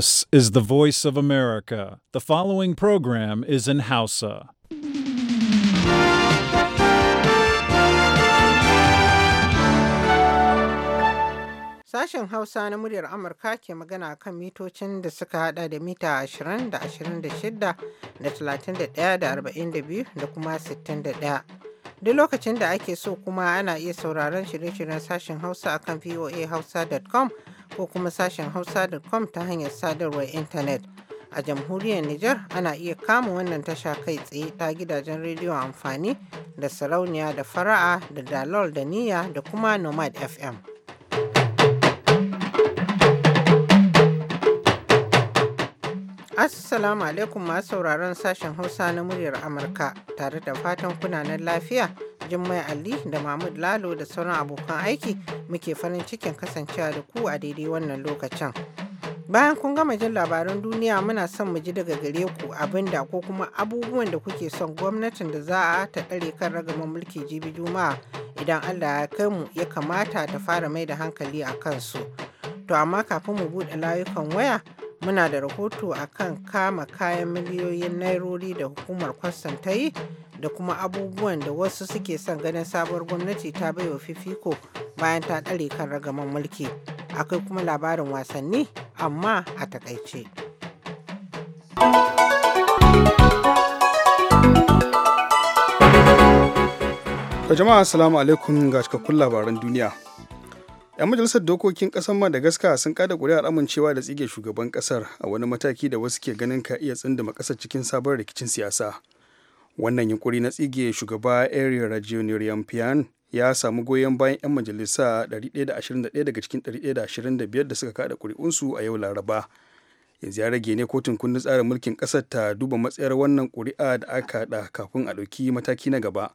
This is the voice of America. The following program is in Hausa. Sashen Hausa na muryar Amurka ke magana kan mitocin da suka hada da mita 20 da 26 da 31 da 42 da kuma 61. Duk lokacin da ake so kuma ana iya sauraron shirye-shiryen sashen Hausa akan voahausa.com ko kuma sashen hausa.com ta hanyar sadarwar intanet. A jamhuriyar Nijar ana iya kama wannan tasha kai tsaye ta gidajen rediyo amfani da sarauniya da fara'a da dalol da niyya da kuma nomad FM. Assalamu alaikum masu sauraron sashen Hausa na muryar Amurka tare da fatan kunanan lafiya Jummai Ali da Mahmud Lalo da sauran abokan aiki muke farin cikin kasancewa da ku a daidai wannan lokacin. Bayan kun gama jin labaran duniya muna son mu ji daga gare ku abinda ko kuma abubuwan da kuke son gwamnatin da za a ta ɗare kan ragamar mulki jibi juma'a idan Allah ya kai mu ya kamata ta fara mai da hankali a kansu. To amma kafin mu buɗe layukan waya Muna da rahoto a kan kama kayan miliyoyin nairori da hukumar kwastam ta yi da kuma abubuwan da wasu suke son ganin sabuwar gwamnati ta baiwa fifiko bayan ta ɗare kan ragaman mulki. Akwai kuma labarin wasanni amma a takaice. jama'a assalamu alaikum ga cikakkun labaran duniya 'yan majalisar dokokin kasar madagascar sun kada kuri'ar amincewa da tsige shugaban kasar a wani mataki da wasu ke ganin ka iya tsindima kasar cikin sabon rikicin siyasa wannan yunkuri na tsige shugaba ariel pian ya samu goyon bayan 'yan majalisa 121 daga cikin 125 da suka kada kuri'unsu a yau laraba yanzu ya rage ne kotun kundin tsarin mulkin kasar ta duba matsayar wannan kuri'a da aka haɗa kafin a ɗauki mataki na gaba.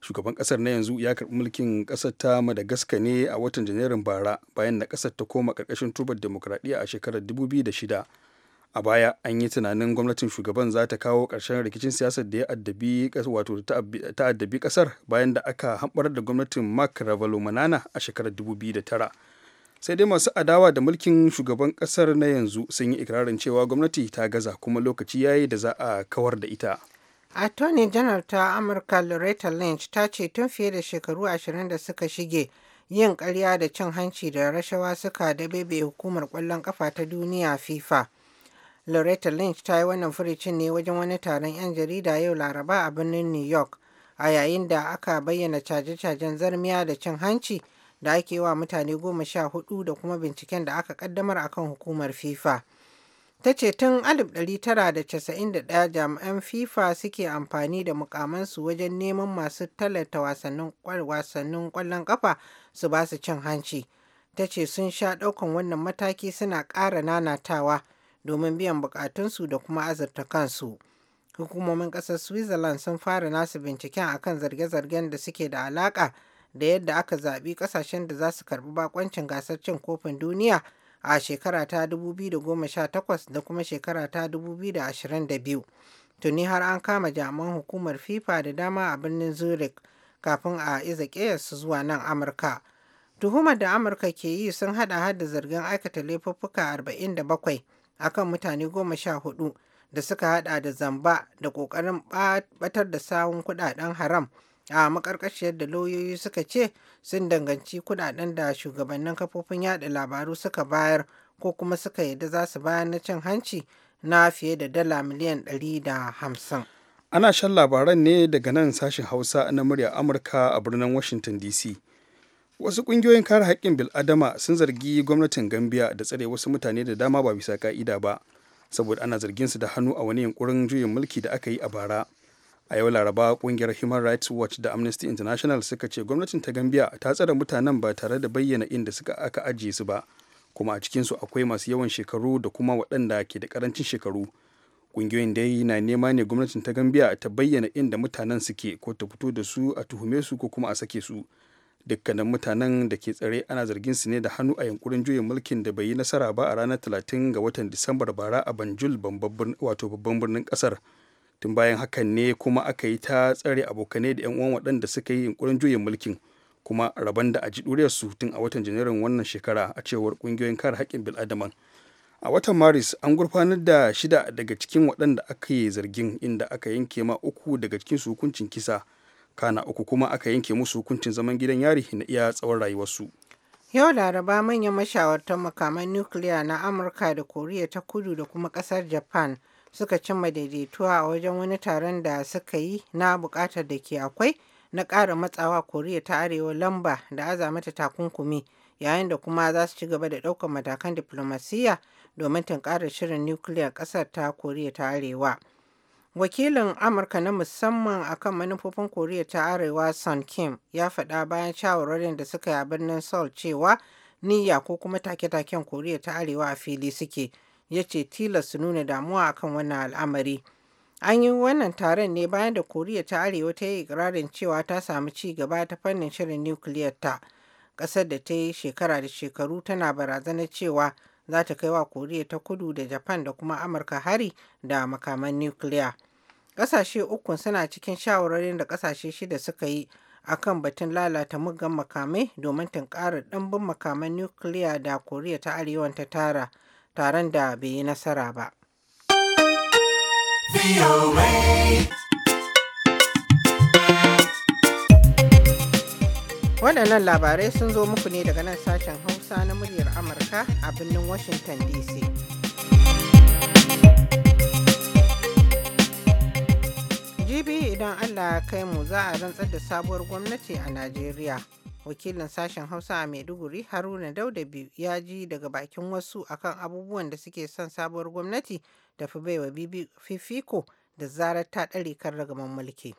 shugaban kasar na yanzu ya karbi mulkin kasar ta madagascar ne a watan janairun bara bayan da kasar ta koma karkashin turbar demokradiyya a shekarar 2006 a baya an yi tunanin gwamnatin shugaban za ta kawo ƙarshen rikicin siyasar da ya addabi wato ta addabi kasar bayan da aka hambar da gwamnatin mark manana a shekarar 2009 sai dai masu adawa da mulkin shugaban kasar na yanzu sun yi ikirarin cewa gwamnati ta gaza kuma lokaci yayi da za a kawar da ita attorney general ta amurka loretta lynch ta ce tun fiye da shekaru ashirin da suka shige yin karya da cin hanci da rashawa suka dabebe hukumar kwallon kafa ta duniya fifa loretta lynch ta yi wannan furicin ne wajen wani taron 'yan jarida yau laraba a birnin new york a yayin da aka bayyana caje-cajen zarmiya da cin hanci da ake wa mutane goma sha hudu da kuma binciken da aka kaddamar akan hukumar fifa ta ce tun 1991 jami'an fifa suke amfani da mukamansu wajen neman masu tallata wasannin kwallon kafa su ba su cin hanci ta ce sun sha ɗaukan wannan mataki suna ƙara nanatawa domin biyan bukatunsu da kuma azurta kansu hukumomin ƙasar switzerland sun fara nasu binciken a kan zarge-zargen da suke da alaƙa da yadda aka zaɓi ƙasashen da za su karɓi bakoncin gasar cin kofin duniya a shekara ta 2018 da kuma shekara ta 2022. Tuni har an kama jami'an hukumar FIFA da dama a birnin Zurich kafin a iza su zuwa nan Amurka. Tuhumar da Amurka ke yi sun hada hada zargin aikata laifuffuka 47 akan mutane 14 da suka hada da zamba da kokarin batar da sawun kudaden haram a makarkashiyar da lauyoyi suka ce sun danganci kudaden da shugabannin kafofin yada labaru suka bayar ko kuma suka yadda za su bayar na cin hanci na fiye da dala miliyan 150 ana shan labaran ne daga nan sashen hausa na murya amurka a birnin washington dc wasu kungiyoyin kare haƙƙin bil'adama sun zargi gwamnatin gambia da tsare wasu mutane da dama ba bisa ka'ida ba saboda ana zargin su da hannu a wani yunkurin juyin mulki da aka yi a bara a yau laraba kungiyar human rights watch da amnesty international suka ce gwamnatin ta gambia ta tsare mutanen ba tare da bayyana inda suka aka ajiye su ba kuma a cikinsu akwai masu yawan shekaru da kuma waɗanda ke da karancin shekaru ƙungiyoyin dai na nema ne gwamnatin ta gambia ta bayyana inda mutanen suke ko ta fito da su a tuhume su ko kuma a sake su dukkanin mutanen da ke tsare ana zargin su ne da hannu a yankurin juyin mulkin da bai yi nasara ba a ranar 30 ga watan disambar bara a banjul wato babban birnin kasar. tun bayan hakan ne kuma aka yi ta tsare abokanai da 'yan uwan waɗanda suka yi yunkurin juyin mulkin kuma rabon da a ji su tun a watan janairun wannan shekara a cewar ƙungiyoyin kare haƙƙin bil'adaman a watan maris an gurfanar da shida daga cikin waɗanda aka yi zargin inda aka yanke ma uku daga cikin su hukuncin kisa kana uku kuma aka yanke musu hukuncin zaman gidan yari na iya tsawon rayuwarsu yau laraba manyan mashawartan makaman nukiliya na amurka da koriya ta kudu da kuma ƙasar japan suka cimma daidaituwa a wajen wani taron da suka yi na bukatar da ke akwai na ƙara matsawa koriya ta arewa lamba da aza mata takunkumi yayin da kuma za su ci gaba da ɗaukar matakan diflomasiyya domin tunkarar shirin nukiliyar ƙasar ta koriya ta arewa wakilin amurka na musamman akan manufofin koriya ta arewa son kim ya faɗa bayan shawarwarin da suka yi a birnin seoul cewa niyya ko kuma take-taken koriya ta arewa a fili suke ya ce tilas su nuna damuwa akan wannan al'amari. An yi wannan taron ne bayan da Koriya ta Arewa ta yi ikirarin cewa ta samu ci gaba ta fannin shirin nukiliyar ta. Ƙasar da ta yi shekara da shekaru tana barazanar cewa za ta kai wa Koriya ta Kudu da Japan da kuma Amurka hari da makaman nukiliya. Ƙasashe uku suna cikin shawararin da ƙasashe shida suka yi akan batun lalata muggan makamai domin tunkarar ɗimbin makaman nukiliya da Koriya ta Arewa ta tara. taron da bai yi nasara ba. Waɗannan labarai sun zo muku ne daga nan sashen Hausa na muryar Amurka a birnin Washington DC. jibi idan allah ya kai mu za a rantsar da sabuwar gwamnati a najeriya wakilin sashen hausa a maiduguri haruna Dauda biyu ya ji daga bakin wasu akan abubuwan da suke son sabuwar gwamnati da fi baiwa fifiko da zarar ta ɗare kan ragaman mulki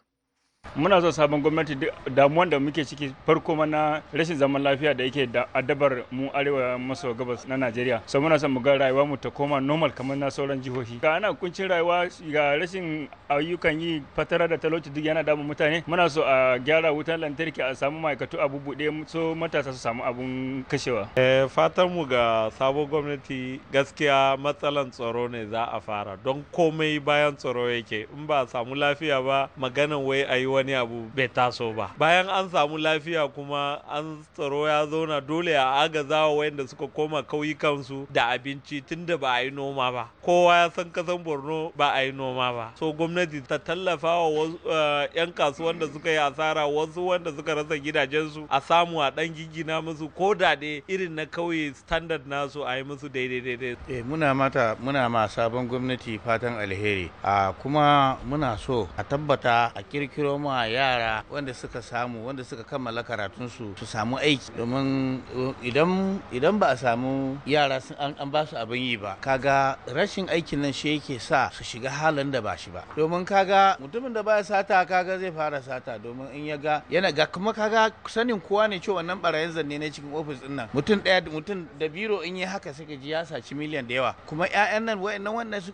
muna zo sabon gwamnati damuwan da muke ciki farko mana rashin zaman lafiya da yake da adabar mu arewa maso gabas na najeriya so muna son mu ga rayuwa mu ta koma normal kamar na sauran jihohi ga ana kuncin rayuwa ga rashin ayyukan yi fatara da talauci duk yana damun mutane muna so a gyara wutan lantarki a samu ma'aikatu abu bubuɗe so matasa su samu abun kashewa eh, fatan mu ga sabon gwamnati gaskiya matsalan tsaro ne za a fara don komai bayan tsaro yake in ba samu lafiya ba maganan wai a yi wani abu bai taso ba bayan an samu lafiya kuma an tsaro ya zauna dole a agaza wa wayanda suka koma kauyukansu da abinci tunda ba a yi noma ba kowa ya san kasan borno ba a yi noma ba so gwamnati ta tallafa wa eh, yan kasuwan da suka yi asara wasu wanda suka rasa gidajensu a samu a dan gigina musu ko da dai irin na kauye standard nasu a yi musu daidai daidai eh muna mata muna ma sabon gwamnati fatan alheri a ah, kuma muna so a tabbata a kirkiro ma yara wanda suka samu wanda suka kammala karatunsu su samu aiki domin eh, idan ba a samu yara an ba su abin yi ba kaga rashin aikin nan shi yake sa su shiga halin da ba shi ba domin kaga mutumin da baya sata kaga zai fara sata domin in ya ga yana ga kuma kaga sanin kowa ne cewa wannan barayin zanne ne cikin ofis din nan mutum daya mutum da biro in yi haka suka ji ya saci miliyan da yawa kuma ƴaƴan nan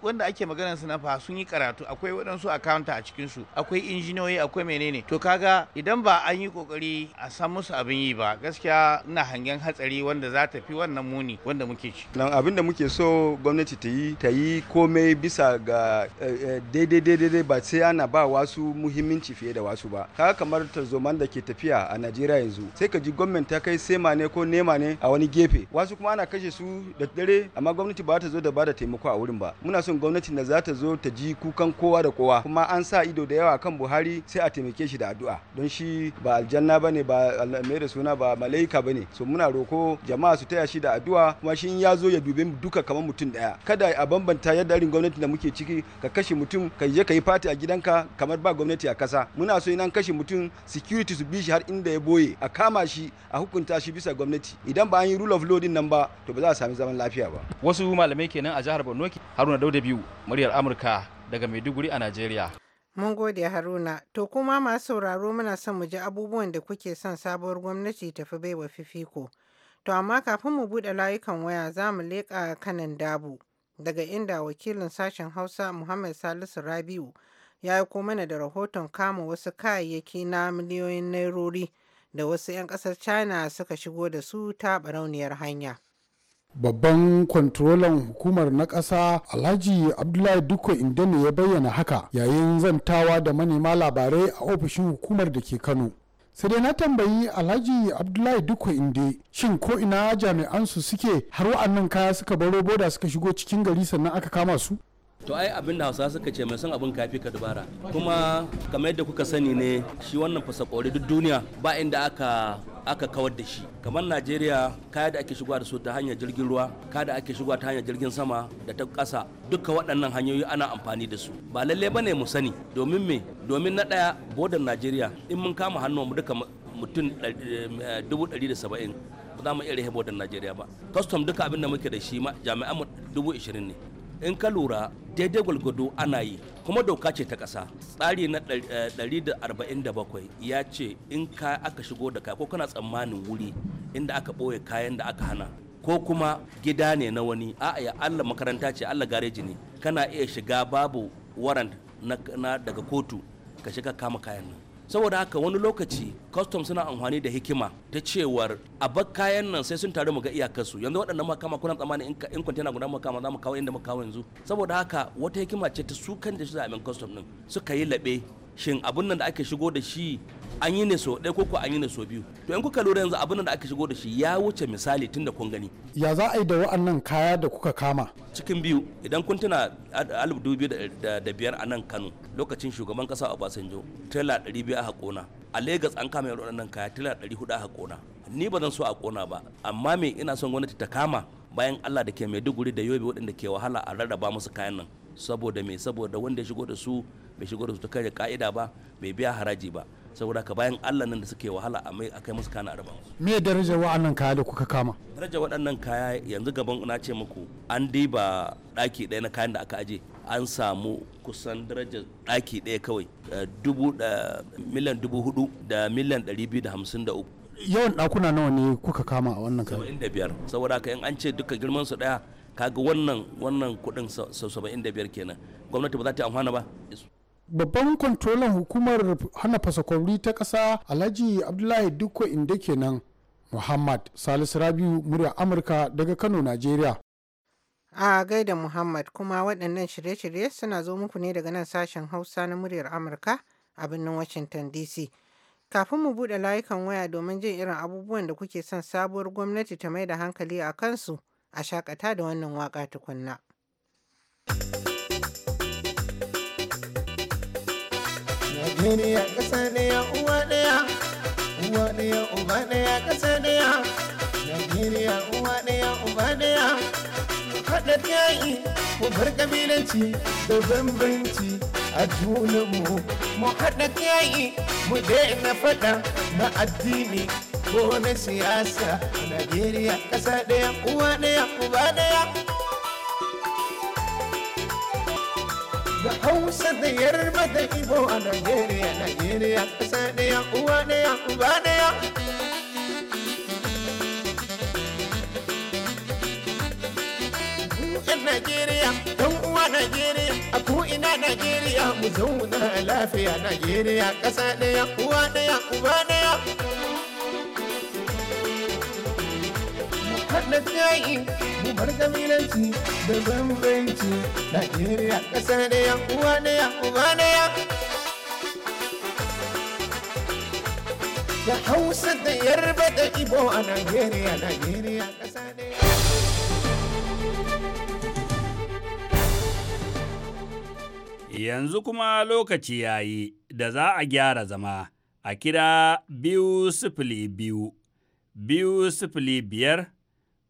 wanda ake maganar su na fa sun yi karatu akwai waɗansu akawunta a cikinsu akwai injiniyoyi akwai menene to kaga idan ba an yi kokari a san musu abin yi ba gaskiya ina hangen hatsari wanda za ta fi wannan muni wanda muke ci nan abin da muke so gwamnati ta yi ta yi komai bisa ga eh, eh, daidai daidai ba sai ana ba wasu muhimmanci fiye da wasu ba kaga kamar tarzoman da ke tafiya a Najeriya yanzu sai ka ji gwamnati ta kai sema ne ko nema ne a wani gefe wasu kuma ana kashe su da dare amma gwamnati ba ta zo da ba da taimako a wurin ba muna son gwamnati da za ta zo ta ji kukan kowa da kowa kuma an sa ido da yawa kan Buhari sai a taimake shi da addu'a don shi ba aljanna bane ba mai da suna ba malaika bane so muna roko jama'a su taya shi da addu'a kuma shi ya zo ya dube mu duka kamar mutum daya kada a bambanta yadda rin gwamnati da muke ciki ka kashe mutum ka je ka yi fati a gidanka kamar ba gwamnati a kasa muna so ina kashe mutum security su bi shi har inda ya boye a kama shi a hukunta shi bisa gwamnati idan ba an yi rule of law din nan ba to ba za a sami zaman lafiya ba wasu malamai kenan a jihar Borno Haruna Dauda biyu muryar Amurka daga Maiduguri a Najeriya Mun gode Haruna. To kuma masu sauraro muna son mu ji abubuwan da kuke son sabuwar gwamnati tafi baiwa fifiko. To amma kafin mu buɗe layukan waya za mu leƙa kanan dabu daga inda wakilin sashen Hausa Muhammad Salisu Rabiu ya yi mana da rahoton kama wasu kayayyaki na miliyoyin nairori da wasu 'yan ƙasar China suka shigo da su ta barauniyar hanya. babban kwantrolan hukumar na ƙasa alhaji abdullahi dukko inda ne ya bayyana haka yayin zantawa da manema labarai a ofishin hukumar da ke kano sai dai na tambayi alhaji abdullahi dukko inde shin ko ina jami'an su suke har wa'annan kaya suka baro boda suka shigo cikin gari sannan aka kama su to ai abin da hausa suka ce mai son abin kafi ka dubara kuma kamar yadda kuka sani ne shi wannan fasakori duk duniya ba inda aka aka kawar da shi kamar najeriya kaya da ake shigowa da su ta hanyar jirgin ruwa kaya da ake shigowa ta hanyar jirgin sama da ta kasa duka waɗannan hanyoyi ana amfani da su ba lalle bane mu sani domin me domin na ɗaya bodar najeriya in mun kama hannun mu duka mutum 170 eh, ba za mu iya rahe bodar najeriya ba custom duka abinda da muke da shi jami'an mu 20 ne in ka lura daidai gwalgwado ana yi kuma doka ce ta ƙasa tsari na 147 eh, ya ce in ka aka shigo da kaya ko kana tsammanin wuri inda aka ɓoye kayan da aka hana ko kuma gida ne na wani a'a ya allah makaranta ce allah gareji ne kana iya shiga babu warant na daga kotu ka shiga kama kayan nan saboda haka wani lokaci kwastom suna amfani da hikima ta cewar a bar kayan nan sai sun taru mu ga iyakarsu yanzu waɗannan makama kuna tsammani in kwantena guda makama za mu kawo inda mu yanzu saboda haka wata hikima ce ta su kan da su zaɓen custom din suka yi laɓe shin abun nan da ake shigo da shi an yi ne so ɗaya ko an yi ne so biyu to in kuka lura yanzu abun nan da ake shigo da shi ya wuce misali tun da kun gani ya za a yi da wa'annan kaya da kuka kama cikin biyu idan kun tuna alif dubu da biyar a nan kano lokacin shugaban kasa obasanjo tela ɗari biyu a haƙona a lagos an kama yawan waɗannan kaya tela ɗari hudu a haƙona ni ba zan so a kona ba amma me ina son gwamnati ta kama bayan allah da ke maiduguri da yobe waɗanda ke wahala a rarraba musu kayan nan saboda me saboda wanda ya shigo da su bai shigo da su ta da ka'ida ba bai biya haraji ba saboda ka bayan allah nan da suke wahala a mai akai musu kana arba me daraja wa'annan kaya da kuka kama Daraja waɗannan kaya yanzu gaban na ce muku an diba ɗaki ɗaya na kayan da aka aje an samu kusan daraja ɗaki ɗaya kawai eh, dubu eh, miliyan dubu hudu da miliyan ɗari biyu da hamsin da uku yawan ɗakuna nawa ne kuka kama a wannan kaya. biyar saboda ka in an ce duka girman su ɗaya kaga wannan wannan kudin 75 kenan gwamnati ba za ta amfana ba babban kwantolan hukumar hana fasakwari ta kasa alhaji abdullahi dukko inda kenan muhammad salisu rabiu murya amurka daga kano najeriya a gaida muhammad kuma waɗannan shirye-shirye suna zo muku ne daga nan sashen hausa na muryar amurka a birnin washington dc kafin mu buɗe layukan waya domin jin irin abubuwan da kuke son sabuwar gwamnati ta mai da hankali a kansu A shaƙata da wannan waƙa tukunna. Najeriya ƙasa ɗaya uwa ɗaya, uwa ɗaya uba ɗaya ƙasa ɗaya. Najeriya uwa ɗaya uba ɗaya. Haɗa yayi mu bar ƙabilanci da bambanci a junanmu. Mu haɗa yayi mu daina faɗa na addini ko siyasa a Najeriya ƙasa ɗaya uwa ɗaya uba ɗaya. Da Hausa da Yarba da Ibo a Najeriya, Najeriya ƙasa ɗaya uwa ɗaya uba ɗaya. Najeriya, don uwa Nigeria, a ko'ina Najeriya, mu zauna lafiya Najeriya, ƙasa ɗaya, uwa ɗaya, uba ɗaya. na tsayi mu bar kabilanci da bambanci Najeriya ƙasa da ya uwa da ya uba da ya Da Hausa da Yarba da Ibo a nigeria nigeria ƙasa da ya Yanzu kuma lokaci ya yi da za a gyara zama a kira biyu sifili biyu, biyu sifili biyar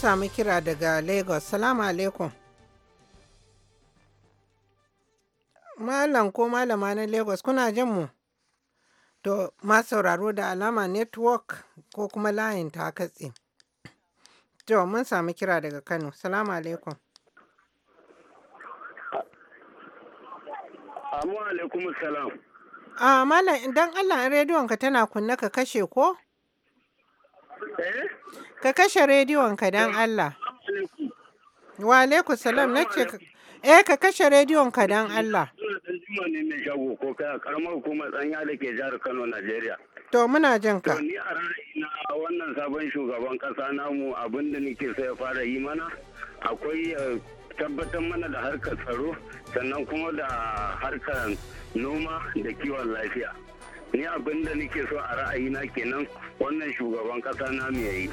samu kira daga Lagos. Salamu alaikum. Malam ko malama na Lagos kuna jin mu? To, sauraro da alama network ko kuma layin ta katse. To, mun samu kira daga Kano. Salamu alaikum. Amu alaikum salam. Ah, malam, idan Allah rediyon ka tana kunna ka kashe ko? Eh? Ka kashe rediyon ka don Allah. Wa alaikum salam na ce eh ka kashe rediyon ka don Allah. shago ko karamar hukumar tsanya da ke jihar Kano, Najeriya. To muna jin ka. To ni a ra'ayina wannan sabon shugaban kasa namu abinda da nake so ya fara yi mana akwai tabbatar mana da harkar tsaro sannan kuma da harkar noma da kiwon lafiya. Ni abinda da nake so a ra'ayina kenan wannan shugaban kasa namu ya yi.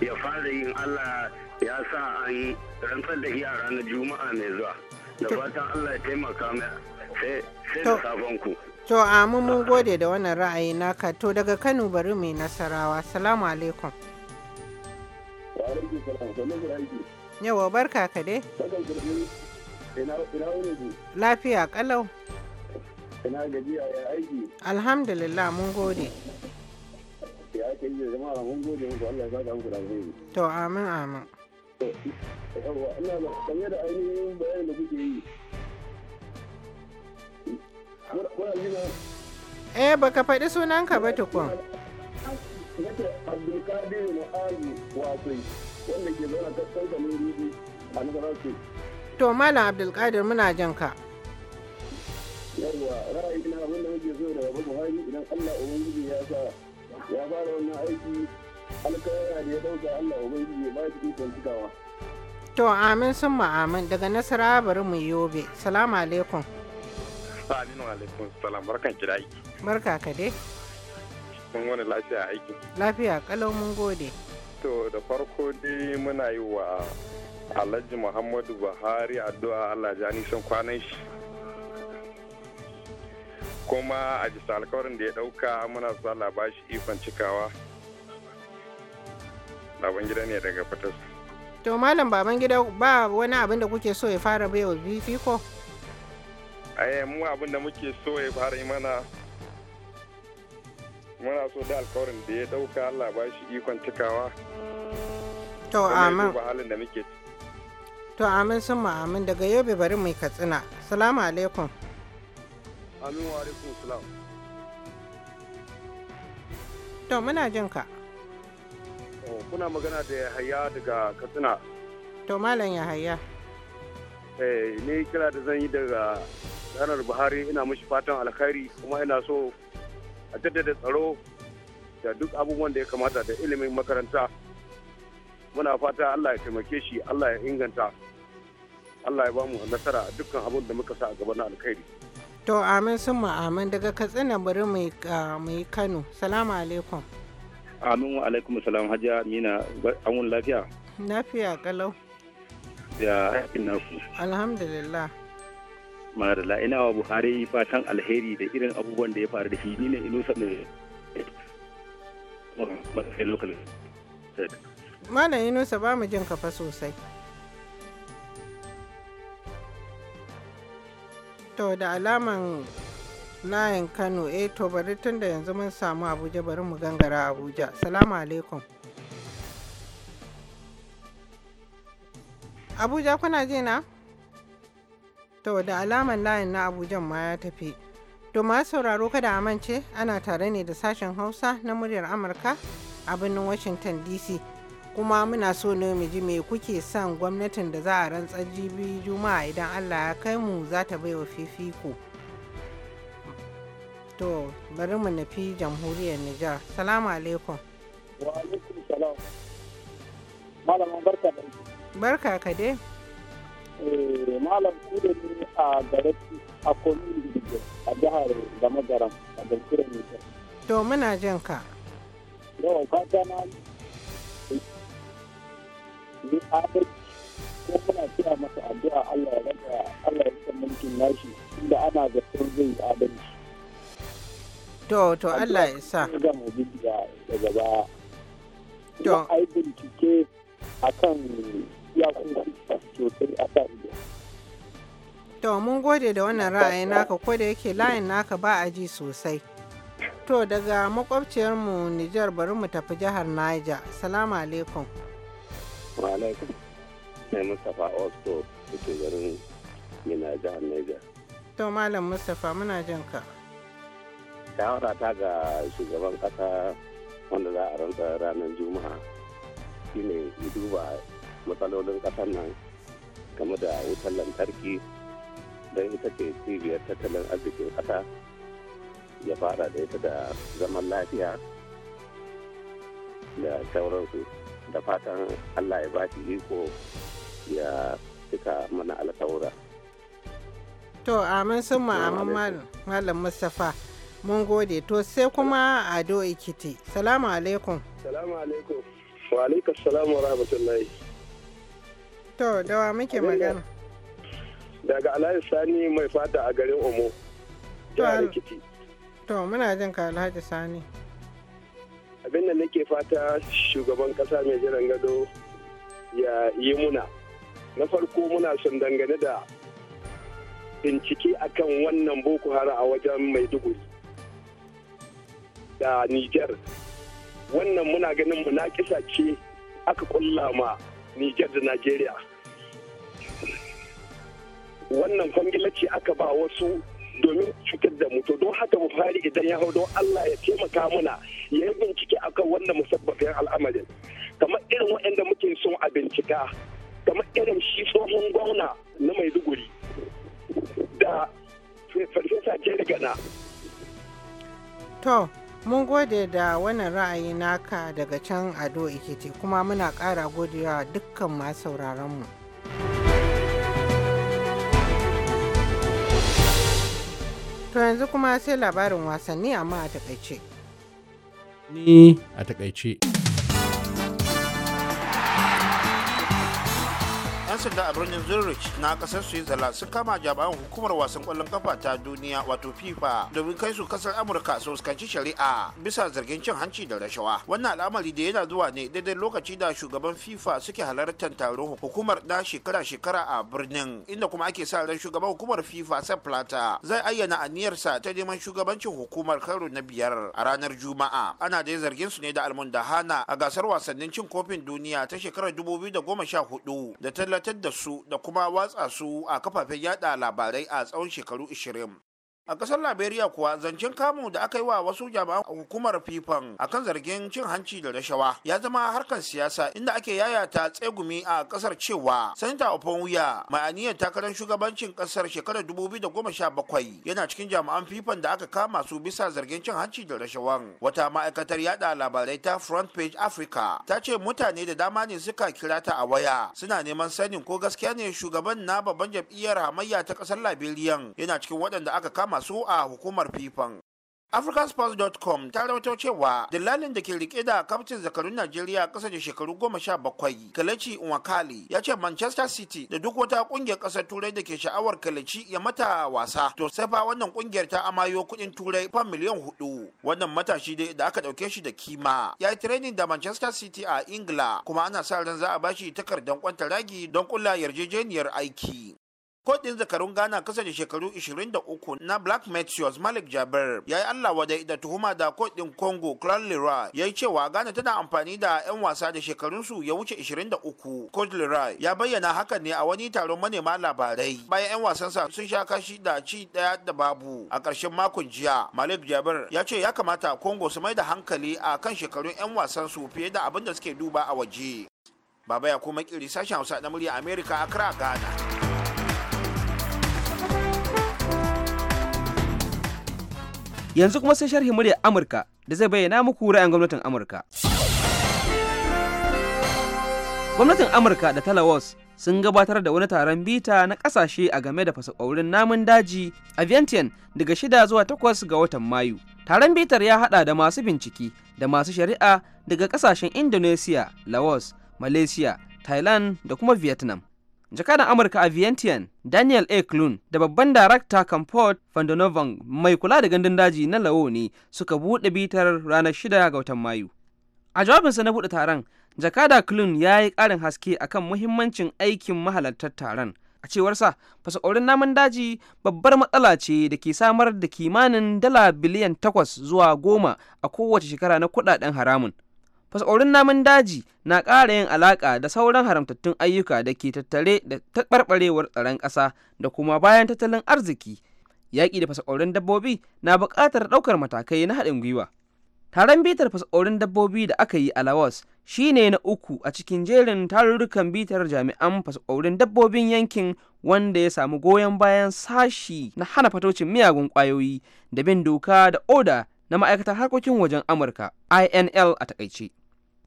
ya fara yin Allah ya sa an rantsar da yara na juma'a mai zuwa da fatan Allah ya taimaka mai sai da sabon ku to amu mun gode da wannan ra'ayi naka to daga Kano bari mai nasarawa salamu alaikum yawa barka ka dai lafiya kalau ina gajiya ya aiki alhamdulillah mun gode ake jama'a mun gode muku to amin amin ina da eh, faɗi sunanka ba tukun ta to malam abdulkadir muna jin ka yawwa ra'ayi na abin muke so daga buhari idan allah ubangiji ya sa ya fara wannan aiki alkawara da ya dauka Allah ubangiji ya ba shi ikon cikawa to amin sun ma'amin daga nasara bari mu yobe salamu alaikum Salamu alaikum salam barkan ki da barka ka dai mun wani lafiya aiki lafiya kalau mun gode to da farko dai muna yi wa alhaji muhammadu buhari addu'a allah ja nisan kwanan shi kuma a jisa alkawarin da ya dauka muna sa labashi ikon cikawa baban gida ne daga fatas to malam baban gida ba wani abin da kuke so ya fara baiwa ko ai mu abin da muke so ya fara yi mana muna so da alkawarin da ya dauka Allah ba shi ikon cikawa to amin halin da muke to amin sun ma amin daga yobe bari mai katsina salamu alaikum Amin wa alaikum salam. To muna jin ka. Oh, kuna magana da Yahaya daga Katsina. To Malam Yahaya. Eh ne kira da zan yi daga ranar Buhari ina mashi fatan alkhairi kuma ina so a jaddada tsaro da duk abubuwan da ya kamata da ilimin makaranta. Muna fata Allah ya taimake shi, Allah ya inganta. Allah ya bamu nasara dukkan abin da muka sa a gaba na alkhairi. To amin sun amin daga Katsina bari ah, mu yi Kano. Salamu alaikum. Amin wa alaikum salam hajiya Amina an wun lafiya? Lafiya kalau. Ya aikin naku. Alhamdulillah. Madalla ina wa Buhari fatan alheri da irin abubuwan da ya faru da shi ni ne inusa ne. Malam Inusa ba mu jin kafa sosai. to da alaman layin kano eh to bari tun da yanzu mun samu abuja bari mu gangara abuja salamu alaikum abuja kuna ji na to da alaman layin na Abuja ma ya tafi to ma sauraro kada amince ana tare ne da sashen hausa na muryar amurka a birnin washington dc kuma muna so ne mu ji me kuke son gwamnatin da za a rantsar jibi juma'a idan allah ya kai mu za ta baiwa fifiko to bari mu nufi jamhuriyar nijar salamu alaikum wa alaikum salaam. malamin barka da barka ka dai eh, malam da ne a garaki a komin a jihar da magaran a jamhuriyar nijar to muna jin ka yawan kwata na yi adalci ko kuna cewa masa addu'a Allah ya raka Allah ya rika mulkin nashi inda ana zaton zai yi adalci. To to Allah ya sa. Ga mu bibiya da gaba. To ai bincike kan iyakokin sosai a kan To mun gode da wannan ra'ayi naka ko da yake layin naka ba a ji sosai. To daga makwabciyarmu Nijar bari mu tafi jihar Niger. Salamu alaikum. Wa Mustapha Osto suke garin Mina jihar Niger. To Malam Mustapha muna jin ka. Shawara ta ga shugaban kasa wanda za a rantsa ranar Juma'a shine ya duba matsalolin kasar nan game da wutar lantarki don ita ce cibiyar tattalin arzikin kasa ya fara da ita da zaman lafiya da sauransu. da fatan allah ya ba shi iko ya cika mana alkawura to amin sun ma'amin malam mustapha mun gode to sai kuma ado ikiti salamu alaikum salamu alaikum wa alaikar salamu wa rahmatullahi to dawa muke magana daga alhaji sani mai fata a garin omo to muna jin ka alhaji sani abin da nake fata shugaban kasa mai jiran gado ya yi muna na farko muna son dangane da bincike akan wannan boko hara a wajen maiduguri da niger wannan muna ganin munakisa ce aka kulla ma niger da nigeria wannan kwangila ce aka ba wasu domin cutar da mu to don haka mu fari idan ya hau don Allah ya taimaka mana ya yi bincike akan wannan musabbabin al'amarin kamar irin waɗanda muke son a bincika kamar irin shi tsohon gwamna na maiduguri da farfesa gana. to mun gode da wannan ra'ayi naka daga can ado ikiti kuma muna kara godewa dukkan masu sauraronmu. mu To yanzu kuma sai labarin wasanni amma a takaice. Ni a takaice. 'yan da a birnin zurich na kasar switzerland sun kama jami'an hukumar wasan kwallon kafa ta duniya wato fifa domin kai su kasar amurka su fuskanci shari'a bisa zargin cin hanci da rashawa wannan al'amari da yana zuwa ne daidai lokaci da shugaban fifa suke halartar taron hukumar da shekara-shekara a birnin inda kuma ake sa ran shugaban hukumar fifa sepp plata zai ayyana aniyarsa ta neman shugabancin hukumar karo na biyar a ranar juma'a ana dai zargin su ne da almundahana a gasar wasannin cin kofin duniya ta shekarar 2014 da tallata gabatar da su da kuma watsa su a kafafen yada labarai a tsawon shekaru 20 a kasar liberia kuwa zancen kamu da aka yi wa wasu jami'an hukumar fifan akan zargin cin hanci da rashawa ya zama harkar siyasa inda ake yayata tsegumi a kasar cewa sanita oponwuya mai aniyar takarar shugabancin kasar shekarar 2017 yana cikin jami'an fifan da aka kama su bisa zargin cin hanci da rashawan wata ma'aikatar yada labarai ta front page africa ta ce mutane da dama ne suka kira ta a waya suna neman sanin ko gaskiya ne shugaban na babban jam'iyyar hamayya ta kasar liberia yana cikin waɗanda aka kama masu a hukumar fifan africasports.com ta rawaito cewa dalilin da ke rike da kaftin zakarun najeriya kasa da shekaru goma sha bakwai kalaci nwakali ya ce manchester city da duk wata kungiyar kasar turai da ke sha'awar kalaci ya mata wasa to sai fa wannan kungiyar ta amayo kudin turai fa miliyan hudu wannan matashi dai da aka dauke shi da kima ya yi training da manchester city a ingila kuma ana sa ran za a bashi takardar kwanta ragi don kula yarjejeniyar aiki kodin zakarun ghana kasa da shekaru 23 na black meteors malik jabir ya yi allah wadai da tuhuma da kodin congo clan leroy ya yi cewa ghana tana amfani da 'yan wasa da shekarunsu ya wuce 23 coach leroy ya bayyana hakan ne a wani taron manema labarai bayan 'yan wasan wasansa sun sha kashi da ci daya da babu a ƙarshen makon jiya malik jabir ya ce ya kamata congo su mai da hankali a kan shekarun 'yan wasansu fiye da abin da suke duba a waje baba ya kuma kiri sashen hausa na murya america kira ghana Yanzu kuma sai sharhi muryar Amurka da zai bayyana muku ra'ayin gwamnatin Amurka. Gwamnatin Amurka da Talawas sun gabatar da wani taron bita na kasashe a game da fasakwaurin namun daji a Vientiane daga shida zuwa takwas ga watan Mayu. Taron bitar ya haɗa da masu bincike da masu shari'a daga kasashen Indonesia, Laos, Malaysia, Thailand da kuma Vietnam. jakadan amurka a vientiane daniel a klun da babban darakta comfort vandonovan mai kula da gandun daji na laoni suka buɗe bitar ranar 6 ga watan mayu a jawabinsa na buɗe taron jakada klun ya yi ƙarin haske akan muhimmancin aikin mahalartar taron a cewarsa fasakorin namun daji babbar matsala ce da ke samar da kimanin dala biliyan takwas zuwa goma a kowace shekara na kuɗaɗen haramun fasorin namun daji na ƙara yin alaƙa da sauran haramtattun ayyuka da ke tattare da taɓarɓarewar tsaron ƙasa da kuma bayan tattalin arziki yaƙi da fasorin dabbobi na buƙatar ɗaukar matakai na haɗin gwiwa taron bitar fasorin dabbobi da aka yi a laos shine na uku a cikin jerin tarurrukan bitar jami'an fasorin dabbobin yankin wanda ya samu goyon bayan sashi na hana fatocin miyagun ƙwayoyi da bin doka da oda na ma'aikatar harkokin wajen amurka inl a takaice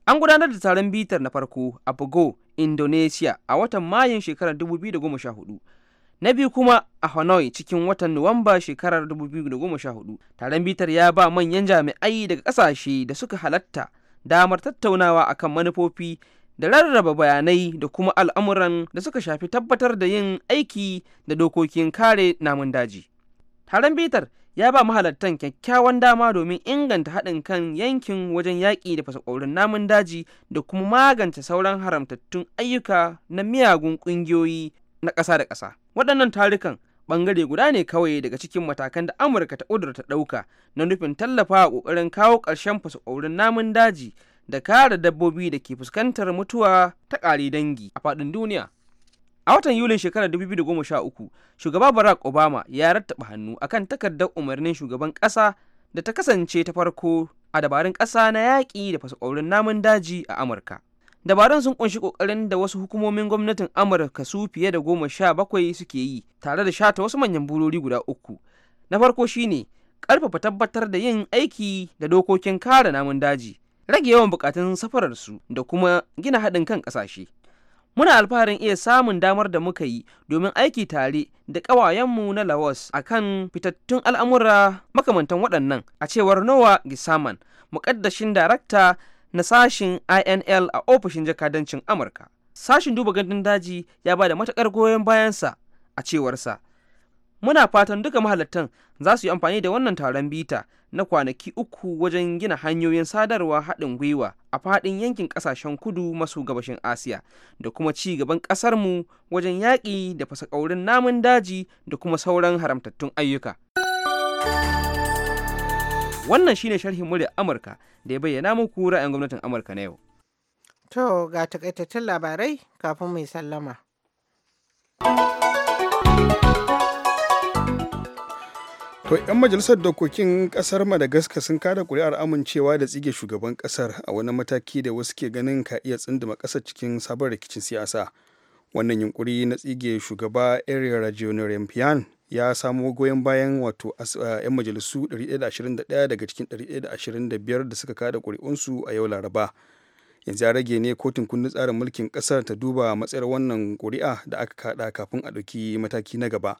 An gudanar da taron bitar na farko a Bogo, Indonesia a watan Mayun shekarar 2014, na biyu kuma a Hanoi cikin watan Nuwamba shekarar 2014. Taron bitar ya ba manyan jami'ai daga ƙasashe da suka halatta damar tattaunawa akan manufofi da rarraba bayanai da kuma al'amuran da suka shafi tabbatar da yin aiki da dokokin kare namun daji. Taron bitar ya ba mahalartan kyakkyawan dama domin inganta haɗin kan yankin wajen yaƙi da fasakorin namun daji da kuma magance sauran haramtattun ayyuka na miyagun ƙungiyoyi na ƙasa da ƙasa. Waɗannan tarukan ɓangare guda ne kawai daga cikin matakan da Amurka ta ƙudurta ɗauka na nufin tallafawa ƙoƙarin kawo ƙarshen fasakorin namun daji da kare dabbobi da ke fuskantar mutuwa ta ƙari dangi a faɗin duniya. A watan Yulin shekarar 2013, shugaba Barack Obama ya rattaba hannu akan takardar umarnin shugaban kasa da ta kasance ta farko a dabarun kasa na yaƙi da fasakorin namun daji a Amurka. Dabarun sun kunshi kokarin da wasu hukumomin gwamnatin Amurka su fiye da goma sha bakwai suke yi tare da shata wasu manyan burori guda uku. Na farko shine karfafa tabbatar da yin aiki da dokokin kare namun daji, rage yawan bukatun safararsu da kuma gina haɗin kan ƙasashe. Muna alfaharin iya samun damar da muka yi domin aiki tare da ƙawayenmu na Laos a kan fitattun al'amura makamantan waɗannan a cewar Noah Gisaman, muƙaddashin darakta na sashin INL a ofishin jakadancin Amurka. Sashin duba gandun daji ya ba da matuƙar goyon bayansa a cewarsa. Muna fatan duka mahalattan za su yi amfani da wannan taron bita na kwanaki uku wajen gina hanyoyin sadarwa haɗin gwiwa a faɗin yankin ƙasashen kudu masu gabashin asiya da kuma ci gaban ƙasarmu wajen yaƙi da fasakaurin namun daji da kuma sauran haramtattun ayyuka wannan shine sharhin murya amurka da ya bayyana muku ra'ayin gwamnatin amurka na yau to ga takaitattun labarai kafin mai sallama To, 'yan majalisar dokokin kasar Madagascar sun kada kuri'ar amincewa da tsige shugaban kasar a wani mataki da wasu ke ganin ka iya tsindima kasar cikin sabon rikicin siyasa. Wannan yunkuri na tsige shugaba Ariel Rajonorempian ya samo goyon bayan wato 'yan majalisu 121 daga cikin 125 da suka kada kuri'unsu a yau Laraba. Yanzu ya rage ne kotun kundin tsarin mulkin kasar ta duba matsayar wannan kuri'a da aka kada kafin a ɗauki mataki na gaba.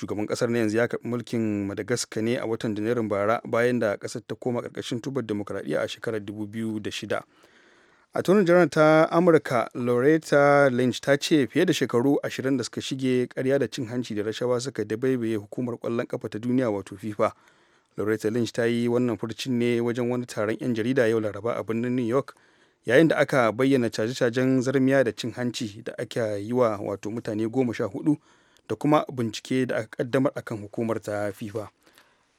shugaban kasar ne yanzu ya karbi mulkin madagascar ne a watan janairun bara bayan da kasar ta koma karkashin tubar demokradiyya a shekarar 2006 attorney jiran ta amurka loretta lynch ta ce fiye da shekaru 20 da suka shige karya da cin hanci da rashawa suka dabaibaye hukumar kwallon kafa ta duniya wato fifa loretta lynch ta yi wannan furcin ne wajen wani taron 'yan jarida yau laraba a birnin new york yayin da aka bayyana caje-cajen zarmiya da cin hanci da aka yi wa wato mutane goma sha hudu da kuma bincike da aka kaddamar akan hukumar ta fifa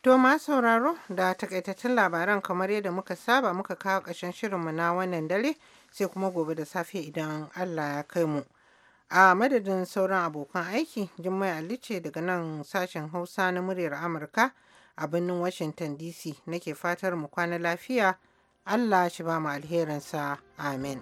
to ma sauraro da takaitattun labaran kamar yadda muka saba muka kawo ƙarshen shirinmu na wannan dare sai kuma gobe da safe idan allah ya kai mu a madadin sauran abokan aiki Jummai ali ce daga nan sashen hausa na muryar amurka a birnin washington dc nake fatar mu kwana lafiya allah shi ba mu alherinsa amen